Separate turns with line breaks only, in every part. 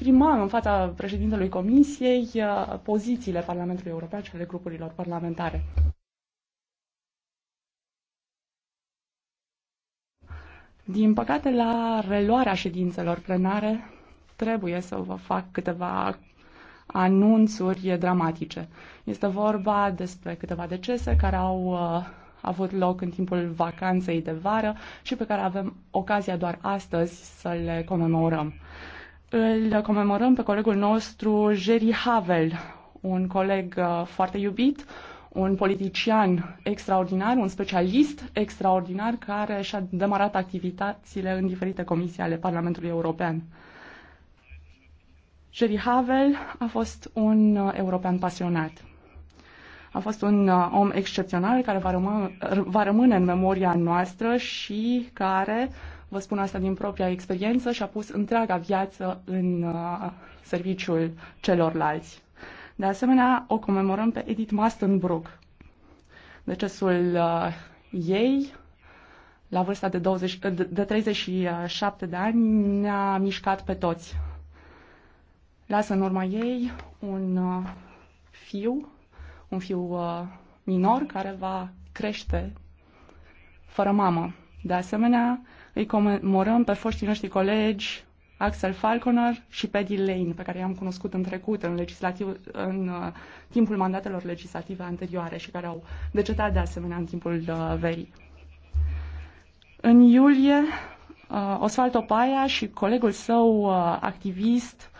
exprimam în fața președintelui Comisiei uh, pozițiile Parlamentului European și ale grupurilor parlamentare. Din păcate, la reluarea ședințelor plenare, trebuie să vă fac câteva anunțuri dramatice. Este vorba despre câteva decese care au uh, avut loc în timpul vacanței de vară și pe care avem ocazia doar astăzi să le comemorăm. Îl comemorăm pe colegul nostru Jerry Havel, un coleg uh, foarte iubit, un politician extraordinar, un specialist extraordinar care și-a demarat activitățile în diferite comisii ale Parlamentului European. Jerry Havel a fost un uh, european pasionat. A fost un uh, om excepțional care va, rămâ- va rămâne în memoria noastră și care vă spun asta din propria experiență, și-a pus întreaga viață în uh, serviciul celorlalți. De asemenea, o comemorăm pe Edith Mastenbrook. Decesul uh, ei, la vârsta de, 20, de 37 de ani, ne-a mișcat pe toți. Lasă în urma ei un uh, fiu, un fiu uh, minor care va crește fără mamă. De asemenea, îi comemorăm pe foștii noștri colegi Axel Falconer și Paddy Lane, pe care i-am cunoscut în trecut, în, legislativ, în uh, timpul mandatelor legislative anterioare și care au decetat de asemenea în timpul uh, verii. În iulie, uh, Osvaldo Opaia și colegul său uh, activist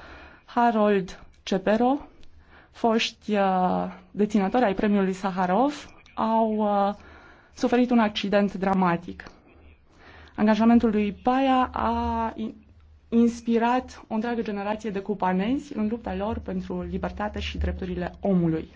Harold Cepero, foști uh, deținători ai premiului Saharov, au uh, suferit un accident dramatic. Angajamentul lui Paia a inspirat o întreagă generație de cupanezi în lupta lor pentru libertate și drepturile omului.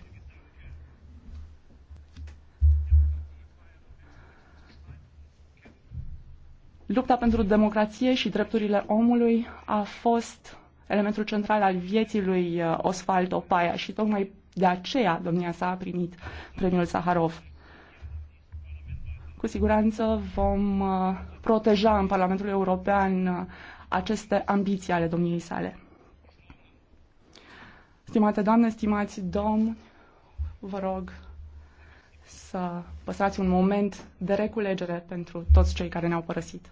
Lupta pentru democrație și drepturile omului a fost elementul central al vieții lui uh, Osvaldo Paia și tocmai de aceea domnia sa a primit premiul Saharov. Cu siguranță vom uh, proteja în Parlamentul European uh, aceste ambiții ale domniei sale. Stimate doamne, stimați domni, vă rog să păstrați un moment de reculegere pentru toți cei care ne-au părăsit.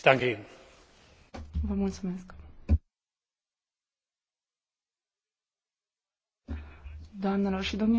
Ich danke Ihnen. Vă mulțumesc. Doamnelor și domnilor,